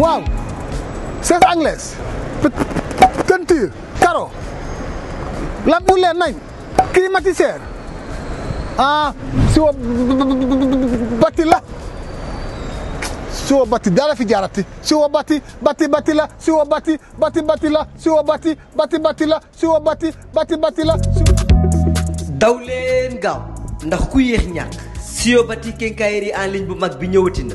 waaw chaise anglaise peinture carreau lampe bu leer nañ climatiseur ah siwo bati la siwo bati dara fi jaarati siwo bati bati bati la siwo bati bati bati la siwo bati bati bati la siwo bati bati bati la daw leen gaaw ndax ku yéex ñàkk siwo bati kenkaayeri en ligne bu mag bi ñëwati na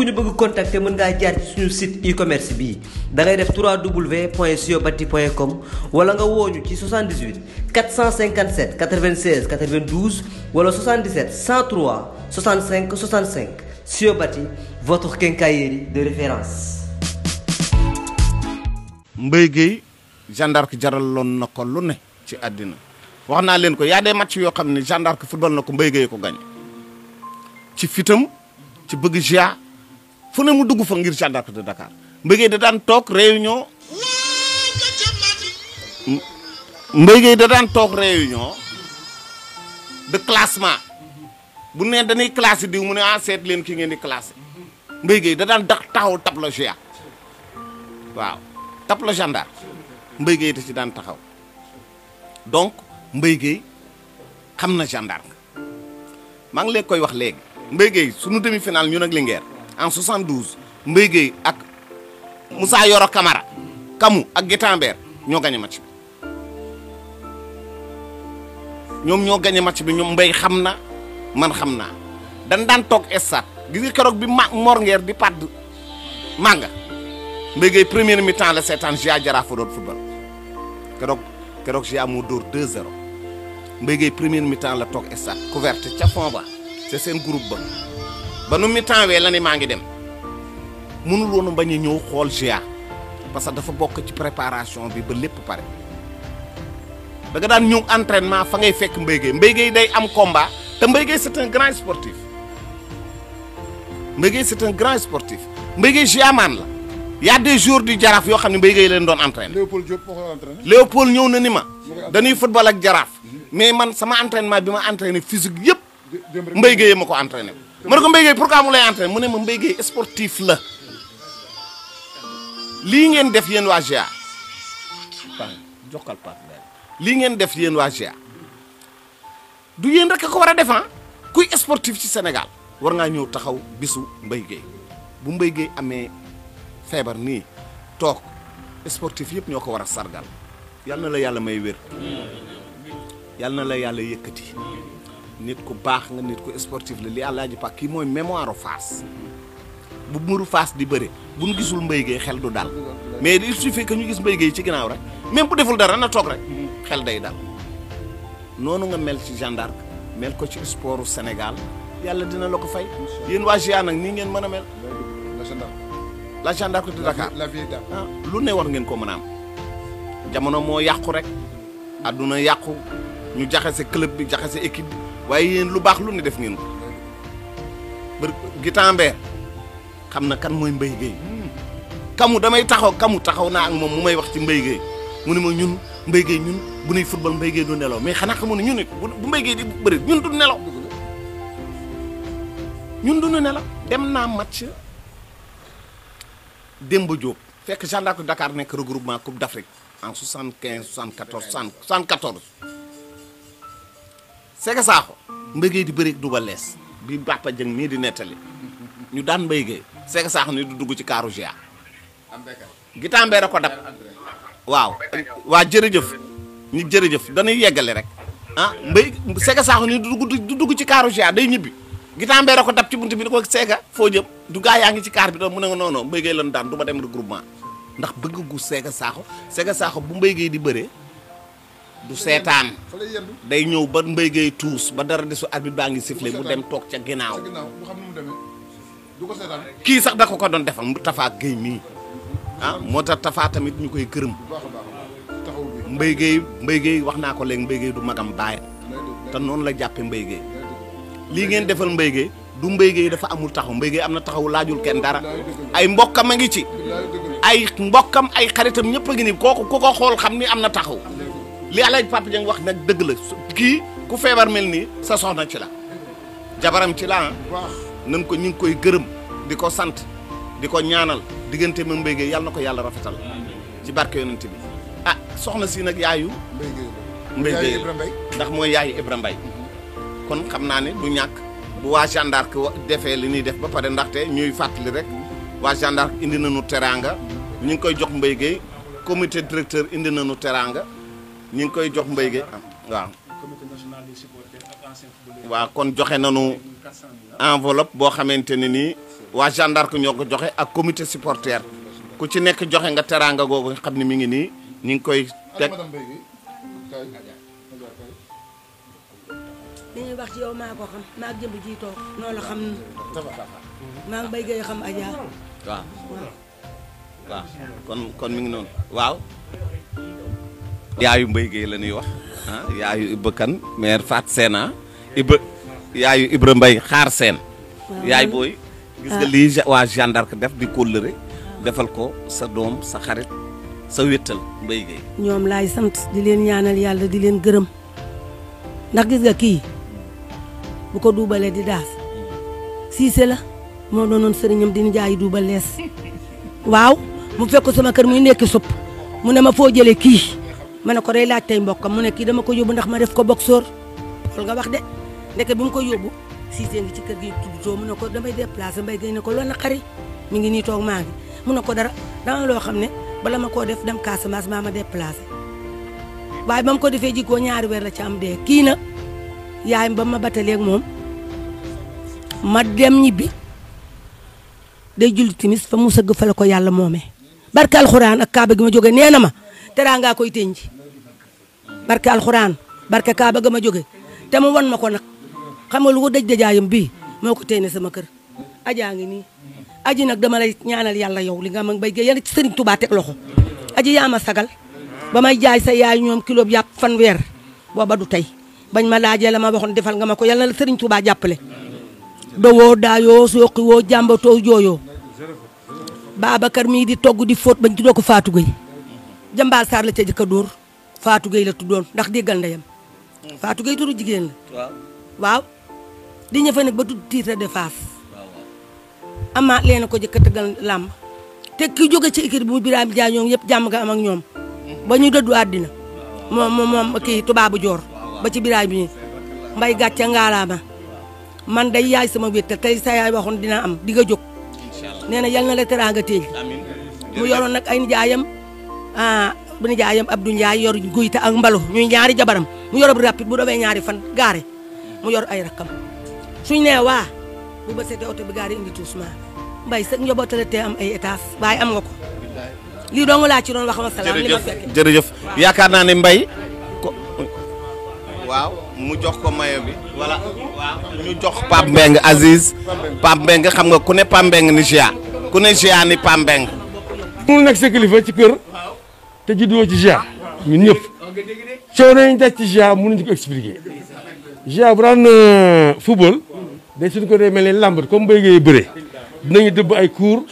ku ñu bëgg contacter mën ngaa jaar ci suñu site e-commerce bii da ngay def 3w point siobati point com wala nga wooñu ci 78 457 96 92 wala 77 103 65 65 siobati votre quincaillerie de référence. Mbaye Guèye gendarme jaraloon na ko lu ne ci àddina wax naa leen ko yaa des match yoo xam ne gendarme football na ko Mbaye Guèye ko gagné ci fitam ci bëgg jia fu ne mu dugg fa ngir gendarme de Dakar mbëggee da daan toog réunion mbëggee da daan toog de classement bu ne dañuy classé diw mu ne ah seet leen ki ngeen di classé mbëggee da daan dax taxaw tableau GIA waaw tableau gendarme mbëggee da ci daan taxaw donc mbëggee xam na gendarme maa ngi leen koy wax léegi mbëggee sunu demi-finale ñu ak Linguère. en 72 Mbaye Guèye ak Moussa Yoro Camara Kamu ak Guitambert ñoo gagné match bi ñoom ñoo gagné match bi ñoom Mbaye xam na man xam naa dan daan toog stade gis nga keroog bi ma Mor Nguer di padd mànga Mbaye Guèye mi-temps la seetaan Gia Jaraaf fa doon football keroog keroog Gia moo dóor 2-0 Mbaye première mi-temps la toog stade couverte ca fond ba ca seen groupe ba. ba nu mi temps la ne maa ngi dem munu woon ba a ñëw xool GA parce que dafa bokk ci préparation bi ba lépp pare daga daan ñëw entraînement fa ngay fekk mbéygéey yi day am combat te mbéygéey c'est un grand sportif mbéygéey c'est un grand sportif mbéygéey GA maan la y a des jours du jaraaf yoo xam ne mbéygéey leen doon entraîné. Léopold Diop moo koy entraîné. ñëw na ni ma. danuy football ak jaraaf. Mm-hmm. mais man sama entraînement bi ma entraîné physique yëpp. mbéygéey ma ko entraîné. ma ne ko Mbaye Gueye pourquoi mu lay entraîné mu ne ma Mbaye Gueye sportif la lii ngeen def yéen waa GA lii ngeen def yéen waa GA du yéen rek ko war a def ah? kuy sportif ci senegal war ngaa ñëw taxaw bisu Mbaye Gueye bu Mbaye amee feebar nii toog sportif yëpp ñoo ko war a sargal yàlla na la yàlla may wér yal na la yàlla yëkkati. nit ku baax nga nit ku sportif la li àllaaji pàkk kii mooy mémoire Fass bu muru Fass di bëre bu ñu gisul Mbaye xel du daal mais il suffit ñu gis Mbaye ci ginnaaw rek même deful dara na toog rek xel day dal noonu nga mel ci gendarme mel ko ci sportu Sénégal yàlla dina la ko fay yéen waa GIA nag nii ngeen mën a mel la gendarme de Dakar ah, lu ne war ngeen ko mën a am jamono moo yàqu rek adduna yàqu ñu jaxase club bi jaxase équipe bi waaye yéen lu baax lu ne def ngeen ko bër xam na kan mooy mbay Gueye kamu damay taxaw kamu taxaw naa ak moom mu may wax ci Mbaye Gueye mu ne ma ñun Mbaye Gueye ñun bu nuy football mbay Gueye du nelaw mais xanaa xamu ne ñun it bu Mbaye Gueye di bëri ñun du nelaw ñun du nelaw dem naa match Demba Diop fekk gendarme Dakar nekk regroupement Coupe d'Afrique en 75 74 74 Sega Sakho Mbaye Gueye di bëri ak Double Less bi Papa Dieng mii di nettali ñu daan Mbaye Gueye Sega Sakho ni du dugg ci kaaru GA. gitambee da ko dab waaw waa jërëjëf ñu jërëjëf dañuy yeggale rek ah Mbaye Sega Sakho ni du dugg du ci kaaru GA day ñibbi gitambee da ko dab ci buntu bi ni ko Sega foo jëm du yaa ngi ci kaar bi doon mu ne nga non non Mbaye Gueye daan du ma dem regroupement ndax bëgg gu Sega Sakho Sega Sakho bu Mbaye di bëree du seetaan day ñëw ba mbéy gay tuus ba dara desu arbitre baa ngi sifflé mu dem toog ca ginnaaw kii sax da ko ko doon defal mu tafaa géy mii ah moo tax tafaa tamit ñu koy gërëm mbéy géey mbéy wax naa ko léegi mbéy du magam baay te noonu la jàppe mbéy géey lii ngeen defal mbéy du mbéy géey dafa amul taxaw mbéy am na taxaw laajul kenn dara ay mbokkam a ngi ci ay mbokkam ay xaritam ñëpp a ngi ni kooku ku ko xool xam ni am na taxaw li El Hadj Papa wax nag dëgg la kii ku feebar mel nii sa soxna ci la. jabaram ci la ah. nan ko ñu ngi koy gërëm di ko sant di ko ñaanal diggante ma mbéy yàlla na ko yàlla rafetal. ci barke yonent bi ah soxna si nag yaayu. mbéy géey ndax mooy yaayu Ibra kon xam naa ni du ñàkk bu waa gendarme defee li ñuy def ba pare ndaxte ñuy fàttali rek waa gendarme indi nañu teraanga ñu ngi koy jox mbéy géey comité directeur indi na nañu teraanga. ñu ngi koy jox mbéy gi waaw. kon joxe nañu enveloppe boo xamante ne nii waa gendark ñoo ko joxe ak comité supporter ku ci nekk joxe nga teraanga googu xam ne mu ngi nii ñu ngi koy teg. li ñuy wax ci noonu xam maa ngi xam Adja. waaw kon kon mi ngi noonu waaw. yaayu Mbaye Guèye la wax ah yaayu Ibba Kan maire Fat Sena ah, Ibba yaayu Ibra Mbaye xaar seen yaay booy gis nga ah. lii waa Jeanne def di kóllëre defal ko sa doom sa xarit sa wéttal Mbaye Guèye ñoom lay sant di leen ñaanal yàlla di leen gërëm ndax gis nga kii bu ko duubalee di daas siise la moo doonoon sëriñam di jaay duubal lees waaw mu fekk sama kër muy nekk supp mu ne ma foo jëlee kii ma ko day laaj tey mbokkam mu ne kii dama ko yóbbu ndax ma def ko boxeur loolu nga wax de ndeke bi mu ko yóbbu Cissé ngi ci kër gi tubitoo mu ne ko damay déplacé mbay gay ne ko loolu na xari mi ngi nii toog maa ngi mu ne ko dara dama loo xam ne bala ma koo def dem Casamance maa ma déplacé waaye ba mu ko defee jikkoo ñaari weer la ci am dee kii na yaayam ba ma bataleeg moom ma dem ñibbi day julli timis fa mu sëgg fa ko yàlla moomee barke alxuraan ak kaaba gi ma jógee nee na ma teraanga koy tënji barke alxuraan barke Kaaba ga ma joge te mu wan ma ko nag xam nga lu dej dëj dëjaayam bii moo ko tey ne sama kër ajaa ngi nii aji nag dama lay ñaanal yàlla yow li nga ma bay yàlla ci sëriñ Tuubaa teg loxo aji yaa ma sagal ba may jaay sa yaay ñoom kilo bi fan weer booba du tey bañ ma laajee la ma waxoon defal nga ma ko yàlla na la sëriñ Tuubaa jàppale dowoo daayoo sooqi woo jàmbatoo jooyoo Babacar mii di togg di fóot bañ tuddoo ko Fatou Gueye jambaal saar la ca jëkk a dóor Fatou Gueye la tuddoon ndax déggal ndeyam hmm. Fatou Gueye turu jigéen la. waaw di ñëfe nag ba tudd titre de face. amaat leen ko jëkk a tëggal làmb te ki jóge ci équipe bu Birame Dia ñoom yëpp jàmm nga am ak ñoom hmm. ba ñu dëddu àddina moom moom moom kii tubaabu joor ba ci biraay bi nii mbay gàcce ngaalaama man day yaay sama wét te tey sa yaay waxoon dina am di nga jóg nee na yal na la teraanga téye mu yoroon nag ay nijaayam Ah, bu ni jaayam Abdou Ndiaye yor guyte ak mbalu ñuy ñaari jabaram mu yor ab rapide bu demee ñaari fan gaare mu yor ay rakkam suñ nee waa bu ba seetee oto bi gaare indi tuusmaa mbay sax njobootale tee am ay étage waaye am nga ko lii dong ci doon wax ma salaam li ma yaakaar naa ne mbay waaw mu jox ko mayo bi voilà ñu jox Pape Mbengue Aziz Pape Mbengue xam nga ku ne Pape Mbengue ni Gia ku ne Gia ni Pape mu nekk sa ci kër te juddoo ci GIA ñun ñëpp coono yi ñu daj ci GIA mënuñu ko expliquer GIA bu daan euh, football day suñu ko dee mel ni làmb comme mbéy bëre bëree dinañu dëbb ay cours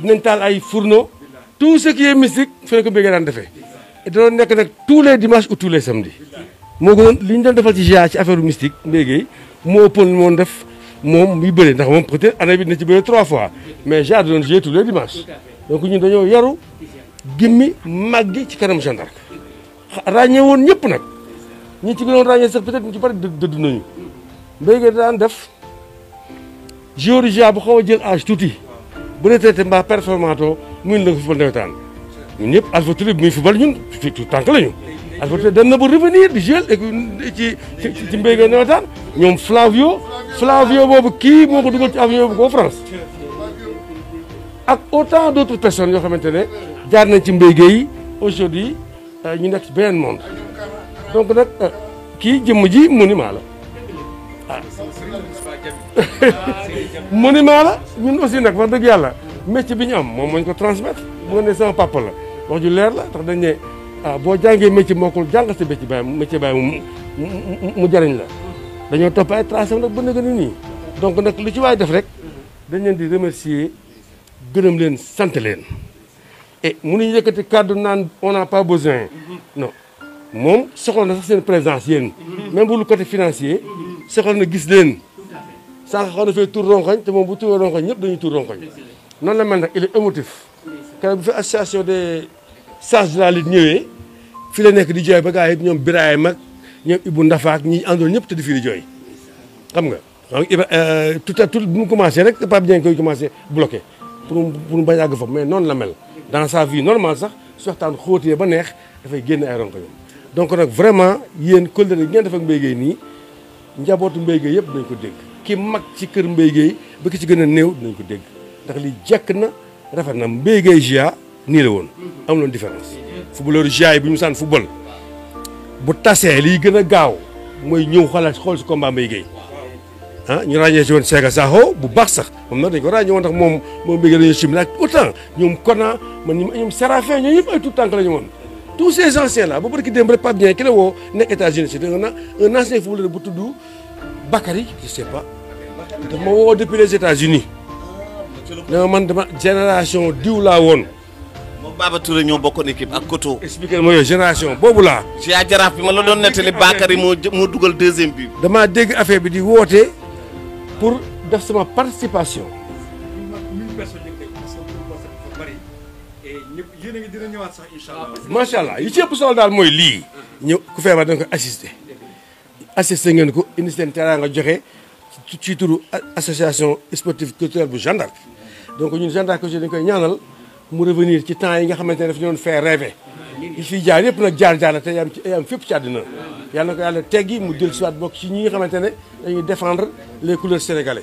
dinañ taal ay fourneau tout ce qui est mystique fële ko mbéy daan defee. et da doon nekk nag tous les dimanches ou tous les samedis moo ko li ñu doon defal ci GIA ci affaire mystique mbéy moo ëppoon moo def moom yi bëri ndax moom peut-être année bi dina ci bëri trois fois mais GIA da doon jouer tous les dimanches donc ñun gimmi màggi ci kanam gendarme ràññee woon ñëpp nag ñi ci gënoon ràññee sax peut-être ñu ci bari dëdd nañu mbéy nga daan def géorgien bu xaw a jël âge tuuti bu retraité mbaa performanto muy la nga football nawetaan ñun ñëpp Alpha Touré bi muy football ñun fi tànk lañu Alpha Touré dem na bu revenir di jël et ci ci mbéy nga nawetaan ñoom Flavio Flavio boobu kii moo ko dugal ci avion bu ko France ak autant d' autres personnes yoo xamante ne jaar nañ ci mbéygéey yi aujourd'hui euh, ñu nekk ci beneen monde donc nag euh, kii jëm ji monument la ah monument la ñun aussi nag wax dëgg yàlla métier bi ñu am moom moo ñu ko transmettre bu ne sama papa la wax ju leer la tax dañ ne ah, boo jàngee métier moo ko jàngal sa métier bàyyi métier bàyyi mu mu jariñ la dañoo topp ay tracé nag ba nëgë ni nii donc nag lu ci def rek dañ leen di remercier gërëm leen sant leen et mënuñu yëkkati kàddu naan on n'a pas besoin non moom soxla na sax seen présence yéen même bu lu côté financier soxla na gis leen sànq xaw na fee tur ronkoñ te moom bu turee ronkoñ ñëpp dañuy tur ronkoñ noonu la mel nag il est émotif keroog bu fi association des sages de la lutte ñëwee fi la nekk di jooy ba gars yi ñoom Biraay mag ñoom Ibou Ndafaak ñi àndoon ñëpp te di fii di jooy xam nga donc Iba euh, tout bu mu commencé rek Pape ñeen koy commencé bloqué pour mu pour mu bañ fa mais noonu la mel dans sa vie normale sax su waxtaan xóotee ba neex dafay génn ay ronko ñoom donc nag vraiment yéen kóllëre yi ngeen def ak Mbaye nii njabootu Mbaye Guèye yëpp dinañ ko dégg ki mag ci kër Mbaye Guèye ba ki ci gën a néew nañ ko dégg ndax li jekk na rafet na Mbaye Guèye GIA nii la woon am loon différence footballeur GIA yi bu ñu saan football bu tasee liy gën a gaaw mooy ñëw xalaat xool si combat Mbaye ah ñu ràññee ci woon Sega Sakho bu baax sax moom na dañ ko ràññee moom moom bëgg nañu chimie ak ñoom Kona man ñoom Séraphin la ñu woon tous ces anciens là ba barki démb rek Pape Ndiaye ki la woo nekk états bu tudd Bakary je sais pas daf ma woo man dama génération diw laa woon moom Baba Touré ñoo ak Koto. expliqué ma yooyu génération boobu laa. bi ma la doon nettali Bakary moo moo dugal deuxième bi. damaa dégg affaire bi di woote. pour def sama participation. macha ah, allah yi ci ëpp solo daal mooy lii. ñëw ku feebar da nga ko assister. ngeen ko indi seen nga joxe ci turu association sportive culturelle bu Jeanne d'Arc donc ñun Jeanne d'Arc dañ koy ñaanal mu revenir ci temps yi nga xamante ne daf ñu doon faire rêver. yi fi jaar yëpp nag jaar jaar na te yaam ci yaam fépp ci àddina yàlla na ko yàlla teggi mu jël siwaat bokk ci ñi xamante ne dañuy défendre les couleurs sénégalais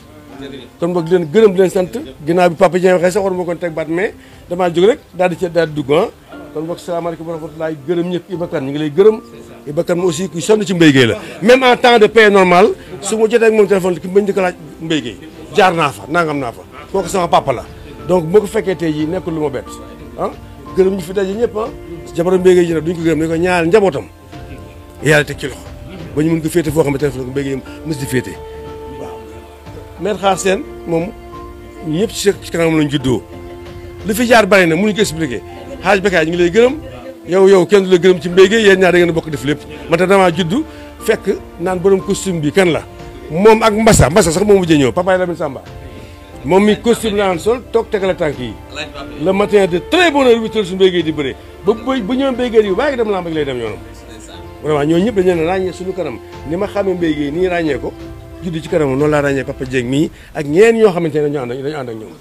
kon boog leen gërëm leen sant ginnaaw bi Papa Dieng waxee sax war ma koon teg baat mais damaa jóg rek daal di ci daal di dugg ah kon boog salaamaaleykum wa rahmatulaay gërëm ñëpp ñu ngi lay gërëm Ibakan ma aussi kuy sonn ci mbéygéey la même en temps de paix normal su ma jotee ak moom téléphone ki bañ di ko laaj mbéygéey jaar naa fa naa fa kooku sama papa la donc moo ko fekkee tey jii nekkul lu ma bett ah. jabaram mbéy ji nag duñ ko gërëm dañ ko ñaanal njabootam yàlla teg ci loxo ba ñu mun ko féete foo xam ne téléphone mbéy gi mës di féete waaw. maître xaar seen moom ñëpp ci ci la lañ juddoo li fi jaar bari na mënuñ ko expliquer xaaj Bekaay ñu ngi gërëm yow yow kenn du la gërëm ci mbéy gi ñaar da ngeen bokk def lépp man te damaa juddu fekk naan borom costume bi kan la moom ak Mbassa Mbassa sax moom mujjee ñëw papa Lamine Samba moom mi costume la am sol toog tegale tànk yi le matin de très bonne heure huit heures suñu béykat yi di bëree ba bu bu ñoom béykat yu baa ngi dem làmb gi lay dem yoonam vraiment ñooñu ñëpp dañu leen ràññee suñu kanam ni ma xamee mbéy nii ràññee ko di ci kanam noonu laa ràññee Papa Dieng mii ak ñeen ñoo xamante ne dañu ànd dañu ànd ak ñoom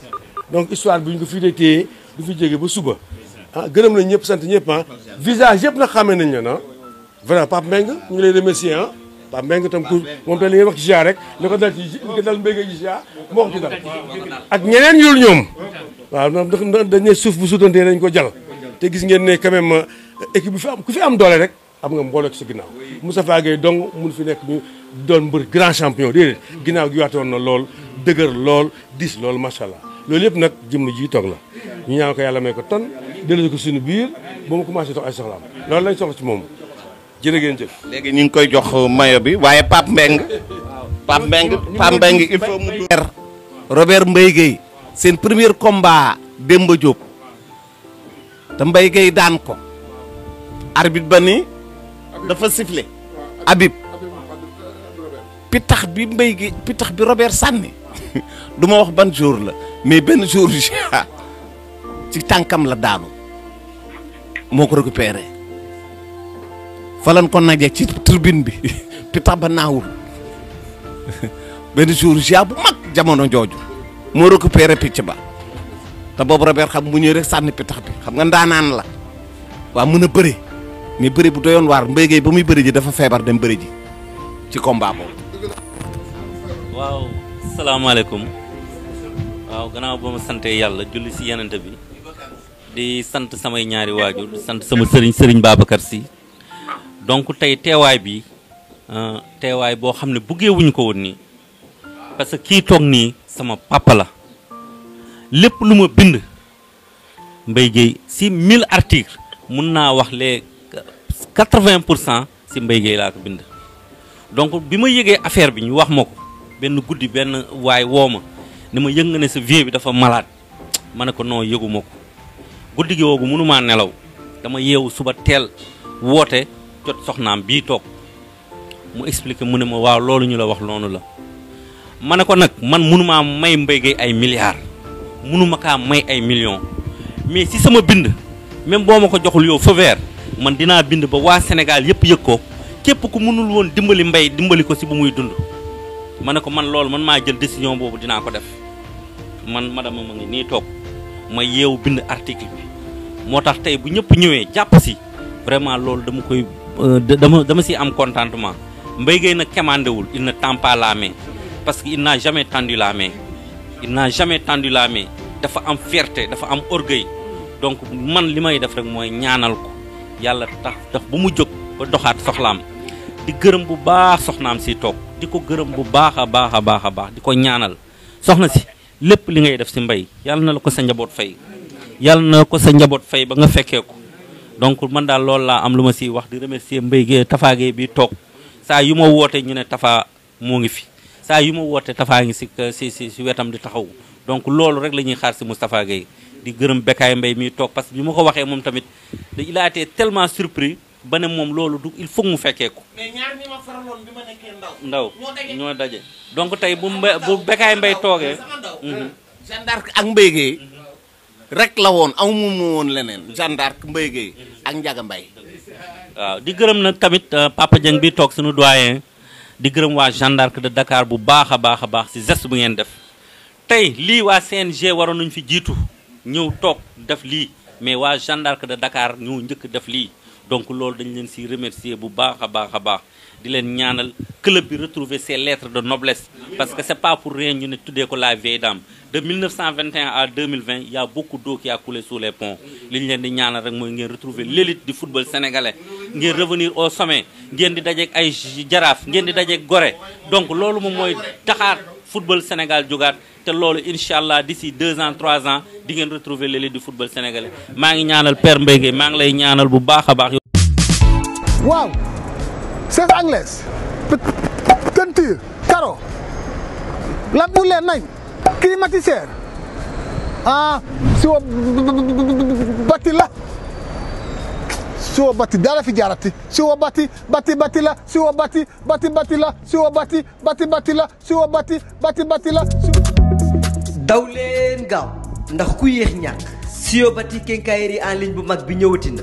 donc histoire bi ñu ko fii dee téye du fi jege ba suba ah gërëm nañ ñëpp sant ñëpp ah visage yëpp nag xamee nañ leen ah vraiment Pape Mbengue ñu ngi lay remercier ah ndax mbéy nga tam ku moom te li ngay wax ci GIA rek li ko dal ci li ko dal mbéy nga ci GIA moo ko ci dal ak ne suuf bu ko jal te gis ngeen ne quand même euh, équipe fi am ku fi am doole rek am nga mbooloo ci sa mu Moustapha Gueye dong mun fi nekk ñu doon mbër grand champion déedéet ginnaaw gi woon na lool dëgër lool dis lool macha allah loolu yëpp nag jëmm ji toog la ñu ñaan ko yàlla may ko ton delloo ko suñu biir ba mu commencé toog ay loolu lañ soxla ci moom jërë ngeen jëf. léegi ñu ngi koy jox mayo bi waaye Pape mbeng Pape Mbengue Pape Mbengue il faut mu. Robert Mbaye Guèye seen premier combat Demba Diop te Mbaye Guèye daan ko. arbitre ba ni dafa sifflé. Habib pitax bi Mbaye Guèye pitax bi Robert sànni duma wax ban jour la mais benn jour ci tànkam la daanu moo ko récupéré. falan ko naje ci tribune bi pita ba naawul benn jour jia bu mag jamono jooju moo récupéré picc ba te boobu Robert xam mu ñëwee rek sànni pitax bi xam nga ndaanaan la waa mën a bëri mais bëri bu doyoon waar mbéygéey ba muy bëri ji dafa feebar dem bëri ji ci combat boobu waaw salaamaaleykum waaw gannaaw ba ma sante yàlla julli si yenente bi di sant samay ñaari waajur di sant sama sëriñ sëriñ Babacar si donc tey teewaay bi euh, teewaay boo xam ne buggeewuñu ko woon nii parce que kii toog nii sama papa la lépp lu ma bind Mbaye Guèye si mille articles mun naa wax les quatre-vingt pour cent si Mbaye Guèye laa ko bind donc bi ma yëgee affaire bi ñu wax ma ko benn guddi benn waay woo ma ni ma yëg nga ne sa vieux bi dafa malaat ma ne ko noo yëgu ma ko guddi gi woogu mënumaa nelaw dama yeewu suba teel woote jot soxnaam bii toog mu expliqué mu ne ma waaw loolu ñu la wax noonu la ma ne ko nag man mënumaa may Mbaye Gueye ay milliards mënuma kaa may ay millions mais si sama bind même boo ma ko joxul yow feu man dinaa bind ba waa Sénégal yëpp yëg ko képp ku mënul woon dimbali mbay dimbali ko si bu muy dund ma ne ko man loolu man maa jël décision boobu dinaa ko def man madama ma ngi nii toog ma yeewu bind article bi moo tax tey bu ñëpp ñëwee jàpp si vraiment Euh, dama dama si am contentement Mbaye Gueye nag commandewul il ne tend pas la parce que il n'a jamais tendu la main il n'a jamais tendu dafa am fierté dafa am orgueil donc man li may def rek mooy ñaanal ko yàlla tax tax bu mu jóg ba doxaat soxlaam di gërëm bu baax soxnaam si toog di ko gërëm bu baax a baax a baax a baax di ko ñaanal soxna si lépp li ngay def si mbay yàlla na la ko sa njaboot fay yàlla na ko sa njaboot fay ba nga fekkee ko donc man daal loolu laa am lu ma si wax di remercier Mbaye Gueye Tafa Gueye bi toog saa yu ma woote ñu ne Tafa moo ngi fi saa yu ma woote Tafa ngi euh, si si si wetam di taxaw donc loolu rek la ñuy xaar si Moustapha Gueye di gërëm Bekaay Mbaye miy toog parce que bi ma ko waxee moom tamit il a été tellement surpris ba ne moom loolu du il faut mu fekkee ko. mais ndaw. ñoo daje. donc tey bu Mbaye bu Bekaay Mbaye toogee. Mhm. ak Mbaye Gueye rek la woon amu mu woon leneen Jeanne d'Arc Mbaye ak Ndiaga mbay waaw di gërëm na tamit euh, Papa Dieng bi toog suñu doyen di gërëm waa Jeanne de Dakar bu baax a baax a baax si geste bu ngeen def tey lii waa CNG waroon nañu fi jiitu ñëw toog def lii mais waa Jeanne de Dakar ñoo njëkk def lii donc loolu dañu leen si remercier bu baax a baax a baax di leen ñaanal club bi retrouver ses lettres de noblesse parce que c'est pas pour rien ñu ne tuddee ko la vieille dame de 1921 à 2020 il a beaucoup d'eau qui a coulé sous les li leen di ñaanal rek mooy ngeen retrouver l'élite du football sénégalais ngeen revenir au sommet ngeen di dajeeg ay jaraaf ngeen di dajeeg gore donc loolu moom mooy taxaar football Sénégal jógaat te loolu incha allah d'ici deux ans trois ans di ngeen retrouver l'élite di football sénégalais maa ngi ñaanal Père Mbaye Gueye maa ngi lay ñaanal bu baax a baax. waaw c'est anglais. teinture. carreau. lan bu leen nañ. climatiseur ah siwo bati la siwo bati dara fi jaarati siwo bati bati bati la siwo bati bati bati la siwo bati bati bati la siwo bati bati bati la daw gaaw ndax ku yéex ñàkk siwo bati kenkaayeri en ligne bu mag bi ñëwati na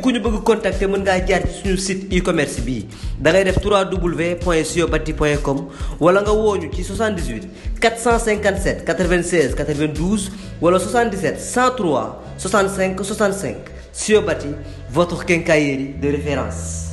képp ku ñu bëgg contacter mën ngaa jaar ci suñu site e-commerce bii da ngay def www.siobati.com wala nga woo ñu ci 78 457 96 92 wala 77 103 65 65 Siobati votre quincaillerie de référence.